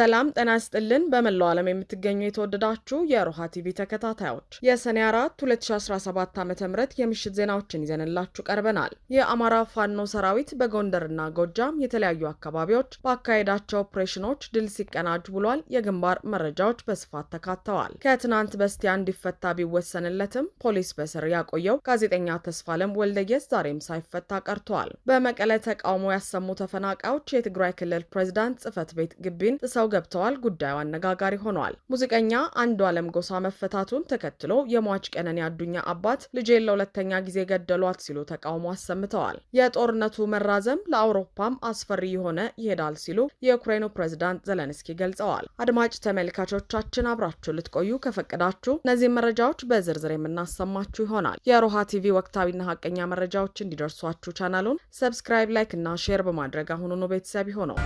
ሰላም ጤና ይስጥልን። በመላው ዓለም የምትገኙ የተወደዳችሁ የሮሃ ቲቪ ተከታታዮች የሰኔ 4 2017 ዓ ም የምሽት ዜናዎችን ይዘንላችሁ ቀርበናል። የአማራ ፋኖ ሰራዊት በጎንደርና ጎጃም የተለያዩ አካባቢዎች በአካሄዳቸው ኦፕሬሽኖች ድል ሲቀናጅ ብሏል። የግንባር መረጃዎች በስፋት ተካተዋል። ከትናንት በስቲያ እንዲፈታ ቢወሰንለትም ፖሊስ በስር ያቆየው ጋዜጠኛ ተስፋለም ወልደየስ ዛሬም ሳይፈታ ቀርተዋል። በመቀለ ተቃውሞ ያሰሙ ተፈናቃዮች የትግራይ ክልል ፕሬዚዳንት ጽህፈት ቤት ግቢን ጥሰው ገብተዋል። ጉዳዩ አነጋጋሪ ሆኗል። ሙዚቀኛ አንዱ አለም ጎሳ መፈታቱን ተከትሎ የሟች ቀነኒ አዱኛ አባት ልጄን ለሁለተኛ ጊዜ ገደሏት ሲሉ ተቃውሞ አሰምተዋል። የጦርነቱ መራዘም ለአውሮፓም አስፈሪ የሆነ ይሄዳል ሲሉ የዩክሬኑ ፕሬዝዳንት ዘለንስኪ ገልጸዋል። አድማጭ ተመልካቾቻችን አብራችሁ ልትቆዩ ከፈቀዳችሁ እነዚህ መረጃዎች በዝርዝር የምናሰማችሁ ይሆናል። የሮሃ ቲቪ ወቅታዊና ሀቀኛ መረጃዎች እንዲደርሷችሁ ቻናሉን ሰብስክራይብ፣ ላይክ እና ሼር በማድረግ አሁኑኑ ቤተሰብ ይሆነው።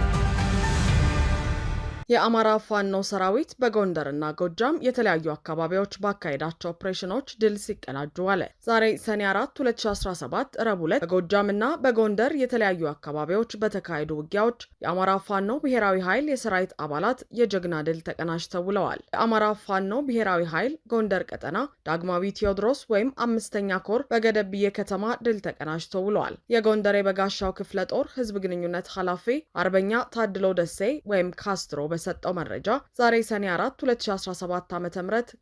የአማራ ፋኖ ሰራዊት በጎንደርና ጎጃም የተለያዩ አካባቢዎች ባካሄዳቸው ኦፕሬሽኖች ድል ሲቀናጁ አለ። ዛሬ ሰኔ 4 2017 ረቡዕ ዕለት በጎጃምና በጎንደር የተለያዩ አካባቢዎች በተካሄዱ ውጊያዎች የአማራ ፋኖ ብሔራዊ ኃይል የሰራዊት አባላት የጀግና ድል ተቀናጅተው ውለዋል። የአማራ ፋኖ ብሔራዊ ኃይል ጎንደር ቀጠና ዳግማዊ ቴዎድሮስ ወይም አምስተኛ ኮር በገደብዬ ከተማ ድል ተቀናጅቶ ውለዋል። የጎንደር የበጋሻው ክፍለ ጦር ህዝብ ግንኙነት ኃላፊ አርበኛ ታድሎ ደሴ ወይም ካስትሮ በሰጠው መረጃ ዛሬ ሰኔ 4 2017 ዓ ም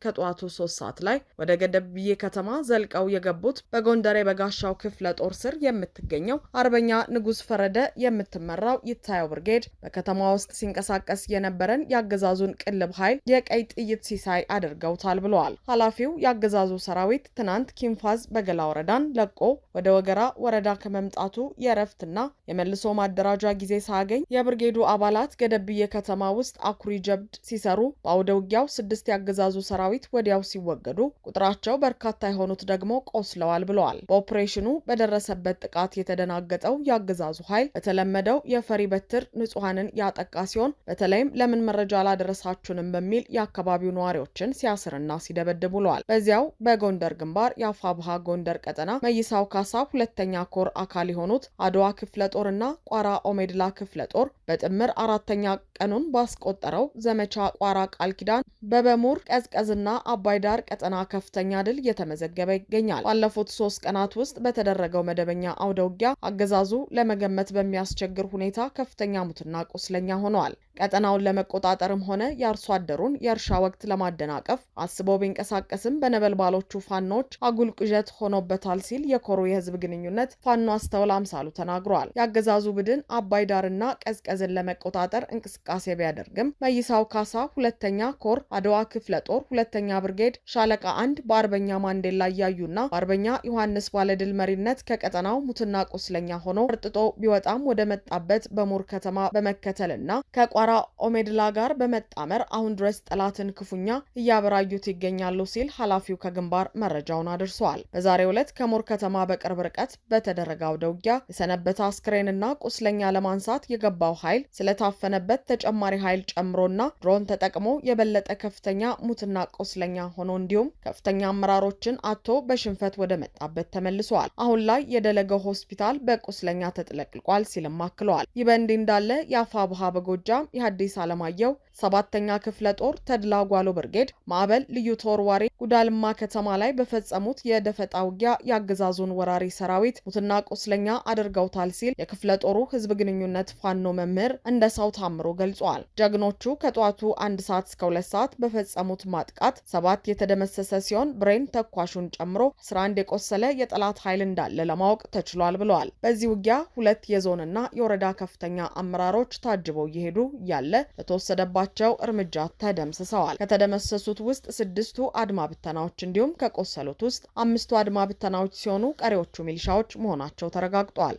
ከጠዋቱ 3 ሰዓት ላይ ወደ ገደብዬ ከተማ ዘልቀው የገቡት በጎንደር የበጋሻው ክፍለ ጦር ስር የምትገኘው አርበኛ ንጉስ ፈረደ የምትመራው ይታየው ብርጌድ በከተማ ውስጥ ሲንቀሳቀስ የነበረን የአገዛዙን ቅልብ ኃይል የቀይ ጥይት ሲሳይ አድርገውታል ብለዋል ኃላፊው። የአገዛዙ ሰራዊት ትናንት ኪንፋዝ በገላ ወረዳን ለቆ ወደ ወገራ ወረዳ ከመምጣቱ የእረፍትና የመልሶ ማደራጃ ጊዜ ሳያገኝ የብርጌዱ አባላት ገደብዬ ከተማ ውስጥ ውስጥ አኩሪ ጀብድ ሲሰሩ በአውደ ውጊያው ስድስት ያገዛዙ ሰራዊት ወዲያው ሲወገዱ ቁጥራቸው በርካታ የሆኑት ደግሞ ቆስለዋል ብለዋል። በኦፕሬሽኑ በደረሰበት ጥቃት የተደናገጠው የአገዛዙ ኃይል በተለመደው የፈሪ በትር ንጹሐንን ያጠቃ ሲሆን በተለይም ለምን መረጃ አላደረሳችሁንም በሚል የአካባቢው ነዋሪዎችን ሲያስርና ሲደበድብ ውለዋል። በዚያው በጎንደር ግንባር የአፋብሃ ጎንደር ቀጠና መይሳው ካሳ ሁለተኛ ኮር አካል የሆኑት አድዋ ክፍለ ጦርና ቋራ ኦሜድላ ክፍለ ጦር በጥምር አራተኛ ቀኑን በ ያስቆጠረው ዘመቻ ቋራ ቃል ኪዳን በበሙር ቀዝቀዝና አባይ ዳር ቀጠና ከፍተኛ ድል እየተመዘገበ ይገኛል። ባለፉት ሶስት ቀናት ውስጥ በተደረገው መደበኛ አውደውጊያ አገዛዙ ለመገመት በሚያስቸግር ሁኔታ ከፍተኛ ሙትና ቁስለኛ ሆነዋል። ቀጠናውን ለመቆጣጠርም ሆነ የአርሶ አደሩን የእርሻ ወቅት ለማደናቀፍ አስበው ቢንቀሳቀስም በነበልባሎቹ ፋኖች አጉል ቅዠት ሆኖበታል ሲል የኮሩ የህዝብ ግንኙነት ፋኖ አስተውል አምሳሉ ተናግሯል። የአገዛዙ ቡድን አባይ ዳርና ቀዝቀዝን ለመቆጣጠር እንቅስቃሴ ቢያደርግም መይሳው ካሳ ሁለተኛ ኮር አድዋ ክፍለ ጦር ሁለተኛ ብርጌድ ሻለቃ አንድ በአርበኛ ማንዴላ እያዩና በአርበኛ ዮሐንስ ባለድል መሪነት ከቀጠናው ሙትና ቁስለኛ ሆኖ ፈርጥጦ ቢወጣም ወደ መጣበት በሙር ከተማ በመከተልና ከቋ ከቋራ ኦሜድላ ጋር በመጣመር አሁን ድረስ ጠላትን ክፉኛ እያበራዩት ይገኛሉ ሲል ኃላፊው ከግንባር መረጃውን አድርሰዋል። በዛሬው ዕለት ከሞር ከተማ በቅርብ ርቀት በተደረገ አውደ ውጊያ የሰነበተ አስክሬንና ቁስለኛ ለማንሳት የገባው ኃይል ስለታፈነበት ተጨማሪ ኃይል ጨምሮና ድሮን ተጠቅሞ የበለጠ ከፍተኛ ሙትና ቁስለኛ ሆኖ እንዲሁም ከፍተኛ አመራሮችን አቶ በሽንፈት ወደ መጣበት ተመልሰዋል። አሁን ላይ የደለገው ሆስፒታል በቁስለኛ ተጥለቅልቋል ሲልም አክለዋል። ይህ በእንዲህ እንዳለ የአፋ ብሃ በጎጃም የሐዲስ አለማየሁ ሰባተኛ ክፍለ ጦር ተድላ ጓሎ ብርጌድ ማዕበል ልዩ ተወርዋሪ ጉዳልማ ከተማ ላይ በፈጸሙት የደፈጣ ውጊያ የአገዛዙን ወራሪ ሰራዊት ሙትና ቁስለኛ አድርገውታል ሲል የክፍለ ጦሩ ህዝብ ግንኙነት ፋኖ መምህር እንደ ሰው ታምሮ ገልጿል። ጀግኖቹ ከጠዋቱ አንድ ሰዓት እስከ ሁለት ሰዓት በፈጸሙት ማጥቃት ሰባት የተደመሰሰ ሲሆን ብሬን ተኳሹን ጨምሮ 11 የቆሰለ የጠላት ኃይል እንዳለ ለማወቅ ተችሏል ብለዋል። በዚህ ውጊያ ሁለት የዞንና የወረዳ ከፍተኛ አመራሮች ታጅበው እየሄዱ ያለ በተወሰደባቸው እርምጃ ተደምስሰዋል። ከተደመሰሱት ውስጥ ስድስቱ አድማ ብተናዎች እንዲሁም ከቆሰሉት ውስጥ አምስቱ አድማ ብተናዎች ሲሆኑ ቀሪዎቹ ሚሊሻዎች መሆናቸው ተረጋግጧል።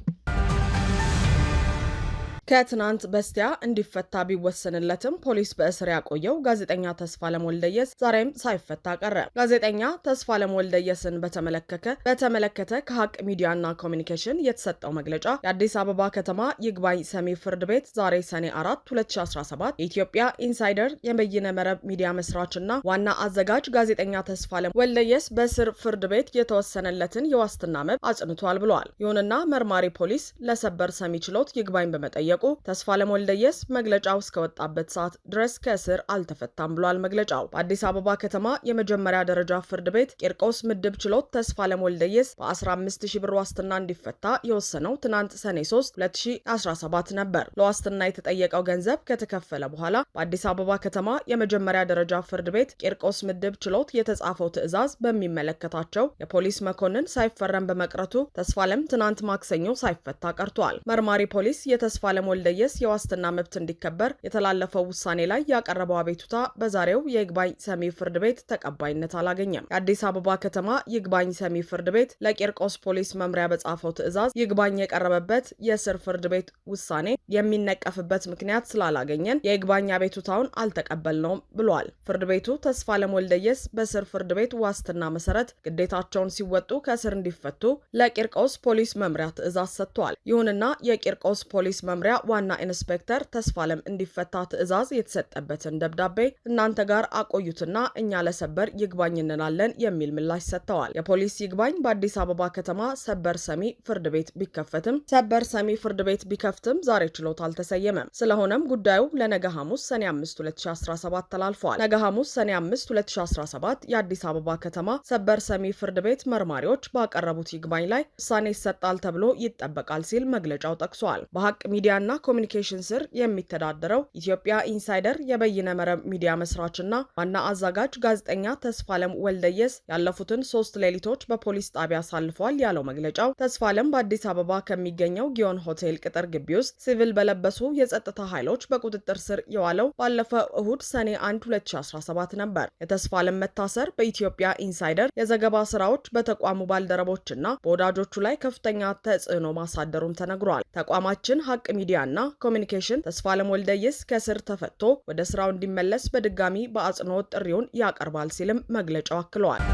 ከትናንት በስቲያ እንዲፈታ ቢወሰንለትም ፖሊስ በእስር ያቆየው ጋዜጠኛ ተስፋለም ወልደየስ ዛሬም ሳይፈታ ቀረ። ጋዜጠኛ ተስፋለም ወልደየስን በተመለከተ በተመለከተ ከሀቅ ሚዲያና ኮሚኒኬሽን የተሰጠው መግለጫ የአዲስ አበባ ከተማ ይግባኝ ሰሚ ፍርድ ቤት ዛሬ ሰኔ 4 2017 የኢትዮጵያ ኢንሳይደር የበይነ መረብ ሚዲያ መስራችና ዋና አዘጋጅ ጋዜጠኛ ተስፋለም ወልደየስ በስር ፍርድ ቤት የተወሰነለትን የዋስትና መብት አጽንቷል ብለዋል። ይሁንና መርማሪ ፖሊስ ለሰበር ሰሚ ችሎት ይግባኝ በመጠየቅ ሲጠየቁ ተስፋለም ወልደየስ መግለጫው እስከወጣበት ሰዓት ድረስ ከእስር አልተፈታም ብሏል። መግለጫው በአዲስ አበባ ከተማ የመጀመሪያ ደረጃ ፍርድ ቤት ቂርቆስ ምድብ ችሎት ተስፋለም ወልደየስ በ15 ሺ ብር ዋስትና እንዲፈታ የወሰነው ትናንት ሰኔ 3 2017 ነበር። ለዋስትና የተጠየቀው ገንዘብ ከተከፈለ በኋላ በአዲስ አበባ ከተማ የመጀመሪያ ደረጃ ፍርድ ቤት ቂርቆስ ምድብ ችሎት የተጻፈው ትዕዛዝ በሚመለከታቸው የፖሊስ መኮንን ሳይፈረም በመቅረቱ ተስፋለም ትናንት ማክሰኞ ሳይፈታ ቀርቷል። መርማሪ ፖሊስ የተስፋለም ዘላለም ወልደየስ የዋስትና መብት እንዲከበር የተላለፈው ውሳኔ ላይ ያቀረበው አቤቱታ በዛሬው የይግባኝ ሰሚ ፍርድ ቤት ተቀባይነት አላገኘም። የአዲስ አበባ ከተማ ይግባኝ ሰሚ ፍርድ ቤት ለቂርቆስ ፖሊስ መምሪያ በጻፈው ትዕዛዝ ይግባኝ የቀረበበት የስር ፍርድ ቤት ውሳኔ የሚነቀፍበት ምክንያት ስላላገኘን የይግባኝ አቤቱታውን አልተቀበልነውም ብሏል። ፍርድ ቤቱ ተስፋለም ወልደየስ በስር ፍርድ ቤት ዋስትና መሰረት ግዴታቸውን ሲወጡ ከእስር እንዲፈቱ ለቂርቆስ ፖሊስ መምሪያ ትዕዛዝ ሰጥቷል። ይሁንና የቂርቆስ ፖሊስ መምሪያ መጀመሪያ ዋና ኢንስፔክተር ተስፋለም እንዲፈታ ትዕዛዝ የተሰጠበትን ደብዳቤ እናንተ ጋር አቆዩትና እኛ ለሰበር ይግባኝ እንላለን የሚል ምላሽ ሰጥተዋል። የፖሊስ ይግባኝ በአዲስ አበባ ከተማ ሰበር ሰሚ ፍርድ ቤት ቢከፈትም ሰበር ሰሚ ፍርድ ቤት ቢከፍትም ዛሬ ችሎት አልተሰየመም። ስለሆነም ጉዳዩ ለነገ ሐሙስ ሰኔ 5 2017 ተላልፏል። ነገ ሐሙስ ሰኔ 5 2017 የአዲስ አበባ ከተማ ሰበር ሰሚ ፍርድ ቤት መርማሪዎች ባቀረቡት ይግባኝ ላይ ውሳኔ ይሰጣል ተብሎ ይጠበቃል ሲል መግለጫው ጠቅሷል። በሀቅ ሚዲያ ሚዲያና ኮሚኒኬሽን ስር የሚተዳደረው ኢትዮጵያ ኢንሳይደር የበይነ መረብ ሚዲያ መስራችና ዋና አዘጋጅ ጋዜጠኛ ተስፋለም ወልደየስ ያለፉትን ሶስት ሌሊቶች በፖሊስ ጣቢያ አሳልፈዋል ያለው መግለጫው ተስፋለም በአዲስ አበባ ከሚገኘው ጊዮን ሆቴል ቅጥር ግቢ ውስጥ ሲቪል በለበሱ የጸጥታ ኃይሎች በቁጥጥር ስር የዋለው ባለፈው እሁድ ሰኔ 1 2017 ነበር። የተስፋለም መታሰር በኢትዮጵያ ኢንሳይደር የዘገባ ስራዎች በተቋሙ ባልደረቦችና በወዳጆቹ ላይ ከፍተኛ ተጽዕኖ ማሳደሩም ተነግሯል። ተቋማችን ሀቅ ሚዲያ ሚዲያና ኮሚኒኬሽን ተስፋለም ወልደየስ ከስር ተፈቶ ወደ ስራው እንዲመለስ በድጋሚ በአጽንኦት ጥሪውን ያቀርባል ሲልም መግለጫው አክለዋል።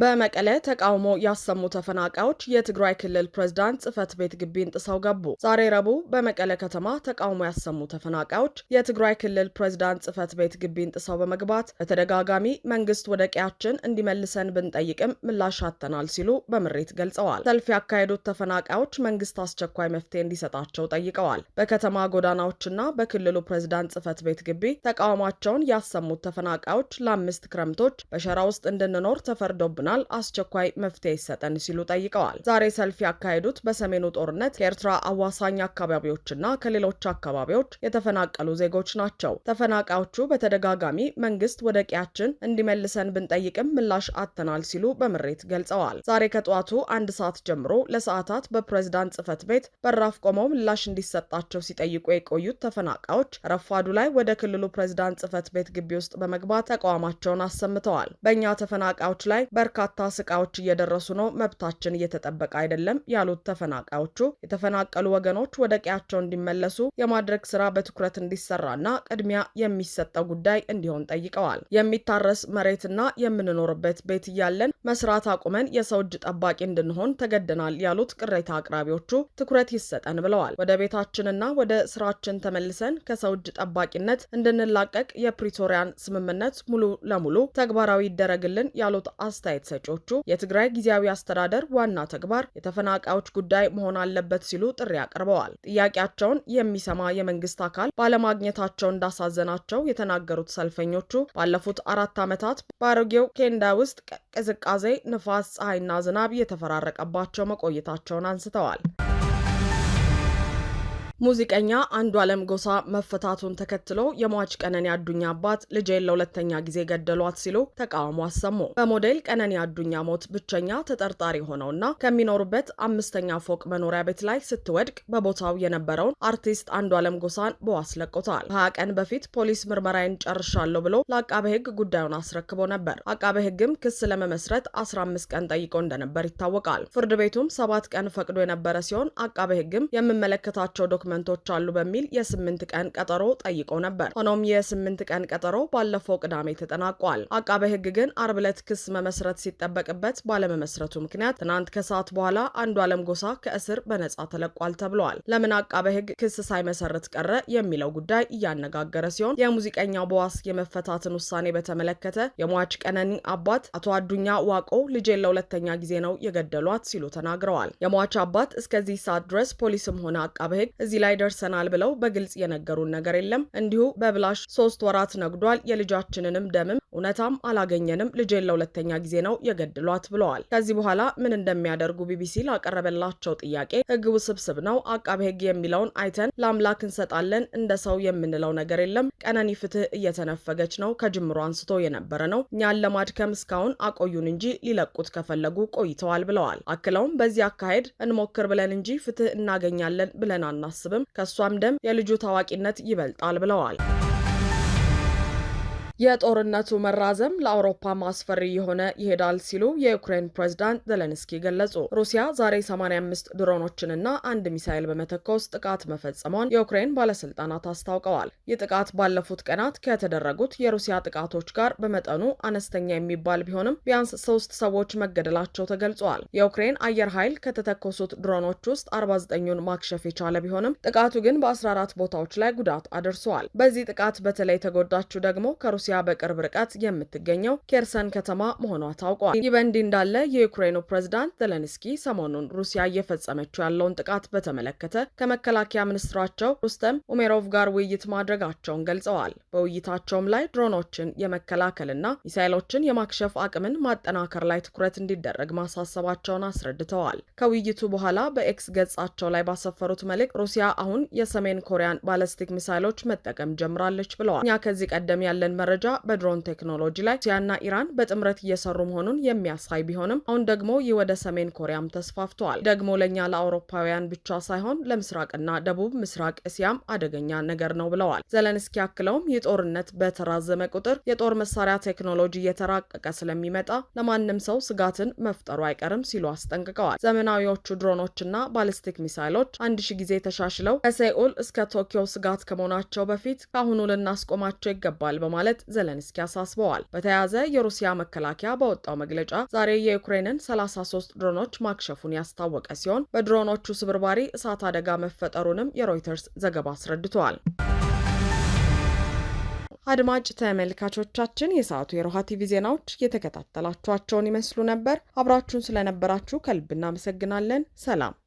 በመቀለ ተቃውሞ ያሰሙ ተፈናቃዮች የትግራይ ክልል ፕሬዝዳንት ጽህፈት ቤት ግቢን ጥሰው ገቡ። ዛሬ ረቡዕ በመቀለ ከተማ ተቃውሞ ያሰሙ ተፈናቃዮች የትግራይ ክልል ፕሬዝዳንት ጽህፈት ቤት ግቢን ጥሰው በመግባት በተደጋጋሚ መንግስት ወደ ቀያችን እንዲመልሰን ብንጠይቅም ምላሽ አጥተናል ሲሉ በምሬት ገልጸዋል። ሰልፍ ያካሄዱት ተፈናቃዮች መንግስት አስቸኳይ መፍትሄ እንዲሰጣቸው ጠይቀዋል። በከተማ ጎዳናዎችና በክልሉ ፕሬዝዳንት ጽህፈት ቤት ግቢ ተቃውሟቸውን ያሰሙት ተፈናቃዮች ለአምስት ክረምቶች በሸራ ውስጥ እንድንኖር ተፈርዶብናል ተፈጽሞብናል፣ አስቸኳይ መፍትሄ ይሰጠን ሲሉ ጠይቀዋል። ዛሬ ሰልፍ ያካሄዱት በሰሜኑ ጦርነት ከኤርትራ አዋሳኝ አካባቢዎችና ከሌሎች አካባቢዎች የተፈናቀሉ ዜጎች ናቸው። ተፈናቃዮቹ በተደጋጋሚ መንግስት ወደ ቀያችን እንዲመልሰን ብንጠይቅም ምላሽ አጥተናል ሲሉ በምሬት ገልጸዋል። ዛሬ ከጠዋቱ አንድ ሰዓት ጀምሮ ለሰዓታት በፕሬዝዳንት ጽህፈት ቤት በራፍ ቆመው ምላሽ እንዲሰጣቸው ሲጠይቁ የቆዩት ተፈናቃዮች ረፋዱ ላይ ወደ ክልሉ ፕሬዝዳንት ጽህፈት ቤት ግቢ ውስጥ በመግባት ተቃውሟቸውን አሰምተዋል። በእኛ ተፈናቃዮች ላይ በር በርካታ ስቃዎች እየደረሱ ነው፣ መብታችን እየተጠበቀ አይደለም ያሉት ተፈናቃዮቹ የተፈናቀሉ ወገኖች ወደ ቀያቸው እንዲመለሱ የማድረግ ስራ በትኩረት እንዲሰራና ቅድሚያ የሚሰጠው ጉዳይ እንዲሆን ጠይቀዋል። የሚታረስ መሬትና የምንኖርበት ቤት እያለን መስራት አቁመን የሰው እጅ ጠባቂ እንድንሆን ተገደናል ያሉት ቅሬታ አቅራቢዎቹ ትኩረት ይሰጠን ብለዋል። ወደ ቤታችንና ወደ ስራችን ተመልሰን ከሰው እጅ ጠባቂነት እንድንላቀቅ የፕሪቶሪያን ስምምነት ሙሉ ለሙሉ ተግባራዊ ይደረግልን ያሉት አስተያየት አስተያየት ሰጪዎቹ የትግራይ ጊዜያዊ አስተዳደር ዋና ተግባር የተፈናቃዮች ጉዳይ መሆን አለበት ሲሉ ጥሪ አቅርበዋል። ጥያቄያቸውን የሚሰማ የመንግስት አካል ባለማግኘታቸው እንዳሳዘናቸው የተናገሩት ሰልፈኞቹ ባለፉት አራት ዓመታት በአሮጌው ኬንዳ ውስጥ ቅዝቃዜ፣ ንፋስ፣ ፀሐይና ዝናብ የተፈራረቀባቸው መቆየታቸውን አንስተዋል። ሙዚቀኛ አንዱ ዓለም ጎሳ መፈታቱን ተከትሎ የሟች ቀነኒ አዱኛ አባት ልጄን ለሁለተኛ ጊዜ ገደሏት ሲሉ ተቃውሞ አሰሙ። በሞዴል ቀነኒ አዱኛ ሞት ብቸኛ ተጠርጣሪ ሆነውና ከሚኖሩበት አምስተኛ ፎቅ መኖሪያ ቤት ላይ ስትወድቅ በቦታው የነበረውን አርቲስት አንዱ ዓለም ጎሳን በዋስ ለቆታል። ከሀያ ቀን በፊት ፖሊስ ምርመራዬን ጨርሻለሁ ብሎ ለአቃቤ ሕግ ጉዳዩን አስረክቦ ነበር። አቃቤ ሕግም ክስ ለመመስረት 15 ቀን ጠይቆ እንደነበር ይታወቃል። ፍርድ ቤቱም ሰባት ቀን ፈቅዶ የነበረ ሲሆን አቃቤ ሕግም የምመለከታቸው ዶክመ መንቶች አሉ በሚል የስምንት ቀን ቀጠሮ ጠይቆ ነበር። ሆኖም የስምንት ቀን ቀጠሮ ባለፈው ቅዳሜ ተጠናቋል። አቃቤ ሕግ ግን አርብ ዕለት ክስ መመስረት ሲጠበቅበት ባለመመስረቱ ምክንያት ትናንት ከሰዓት በኋላ አንዱ አለም ጎሳ ከእስር በነጻ ተለቋል ተብሏል። ለምን አቃቤ ሕግ ክስ ሳይመሰረት ቀረ የሚለው ጉዳይ እያነጋገረ ሲሆን የሙዚቀኛው በዋስ የመፈታትን ውሳኔ በተመለከተ የሟች ቀነኒ አባት አቶ አዱኛ ዋቆ ልጄን ለሁለተኛ ጊዜ ነው የገደሏት ሲሉ ተናግረዋል። የሟች አባት እስከዚህ ሰዓት ድረስ ፖሊስም ሆነ አቃቤ ሕግ እዚህ እዚህ ላይ ደርሰናል ብለው በግልጽ የነገሩን ነገር የለም። እንዲሁ በብላሽ ሶስት ወራት ነግዷል። የልጃችንንም ደምም እውነታም አላገኘንም። ልጄን ለሁለተኛ ጊዜ ነው የገድሏት ብለዋል። ከዚህ በኋላ ምን እንደሚያደርጉ ቢቢሲ ላቀረበላቸው ጥያቄ ህግ ውስብስብ ነው፣ አቃቤ ህግ የሚለውን አይተን ለአምላክ እንሰጣለን። እንደ ሰው የምንለው ነገር የለም። ቀነኒ ፍትህ እየተነፈገች ነው። ከጅምሮ አንስቶ የነበረ ነው። እኛን ለማድከም እስካሁን አቆዩን እንጂ ሊለቁት ከፈለጉ ቆይተዋል ብለዋል። አክለውም በዚህ አካሄድ እንሞክር ብለን እንጂ ፍትህ እናገኛለን ብለን አናስብ አላስብም። ከእሷም ደም የልጁ ታዋቂነት ይበልጣል ብለዋል። የጦርነቱ መራዘም ለአውሮፓ ማስፈሪ የሆነ ይሄዳል ሲሉ የዩክሬን ፕሬዝዳንት ዘለንስኪ ገለጹ። ሩሲያ ዛሬ 85 ድሮኖችንና አንድ ሚሳይል በመተኮስ ጥቃት መፈጸሟን የዩክሬን ባለስልጣናት አስታውቀዋል። ይህ ጥቃት ባለፉት ቀናት ከተደረጉት የሩሲያ ጥቃቶች ጋር በመጠኑ አነስተኛ የሚባል ቢሆንም ቢያንስ ሶስት ሰዎች መገደላቸው ተገልጿል። የዩክሬን አየር ኃይል ከተተኮሱት ድሮኖች ውስጥ 49ኙን ማክሸፍ የቻለ ቢሆንም ጥቃቱ ግን በ14 ቦታዎች ላይ ጉዳት አድርሷል። በዚህ ጥቃት በተለይ ተጎዳችው ደግሞ ከሩሲያ ከሩሲያ በቅርብ ርቀት የምትገኘው ኬርሰን ከተማ መሆኗ ታውቋል። ይህ በእንዲህ እንዳለ የዩክሬኑ ፕሬዝዳንት ዘለንስኪ ሰሞኑን ሩሲያ እየፈጸመችው ያለውን ጥቃት በተመለከተ ከመከላከያ ሚኒስትራቸው ሩስተም ኡሜሮቭ ጋር ውይይት ማድረጋቸውን ገልጸዋል። በውይይታቸውም ላይ ድሮኖችን የመከላከልና ሚሳይሎችን የማክሸፍ አቅምን ማጠናከር ላይ ትኩረት እንዲደረግ ማሳሰባቸውን አስረድተዋል። ከውይይቱ በኋላ በኤክስ ገጻቸው ላይ ባሰፈሩት መልእክት ሩሲያ አሁን የሰሜን ኮሪያን ባለስቲክ ሚሳይሎች መጠቀም ጀምራለች ብለዋል። እኛ ከዚህ ቀደም ያለን መረጃ ደረጃ በድሮን ቴክኖሎጂ ላይ ሩሲያና ኢራን በጥምረት እየሰሩ መሆኑን የሚያሳይ ቢሆንም አሁን ደግሞ ይህ ወደ ሰሜን ኮሪያም ተስፋፍተዋል። ደግሞ ለእኛ ለአውሮፓውያን ብቻ ሳይሆን ለምስራቅና ደቡብ ምስራቅ እስያም አደገኛ ነገር ነው ብለዋል። ዘለንስኪ አክለውም ይህ ጦርነት በተራዘመ ቁጥር የጦር መሳሪያ ቴክኖሎጂ እየተራቀቀ ስለሚመጣ ለማንም ሰው ስጋትን መፍጠሩ አይቀርም ሲሉ አስጠንቅቀዋል። ዘመናዊዎቹ ድሮኖችና ባሊስቲክ ሚሳይሎች አንድ ሺ ጊዜ ተሻሽለው ከሴኡል እስከ ቶኪዮ ስጋት ከመሆናቸው በፊት ከአሁኑ ልናስቆማቸው ይገባል በማለት ዘለንስኪ አሳስበዋል። በተያያዘ የሩሲያ መከላከያ በወጣው መግለጫ ዛሬ የዩክሬንን 33 ድሮኖች ማክሸፉን ያስታወቀ ሲሆን በድሮኖቹ ስብርባሪ እሳት አደጋ መፈጠሩንም የሮይተርስ ዘገባ አስረድተዋል። አድማጭ ተመልካቾቻችን የሰዓቱ የሮሃ ቲቪ ዜናዎች እየተከታተላችኋቸውን ይመስሉ ነበር። አብራችሁን ስለነበራችሁ ከልብ እናመሰግናለን። ሰላም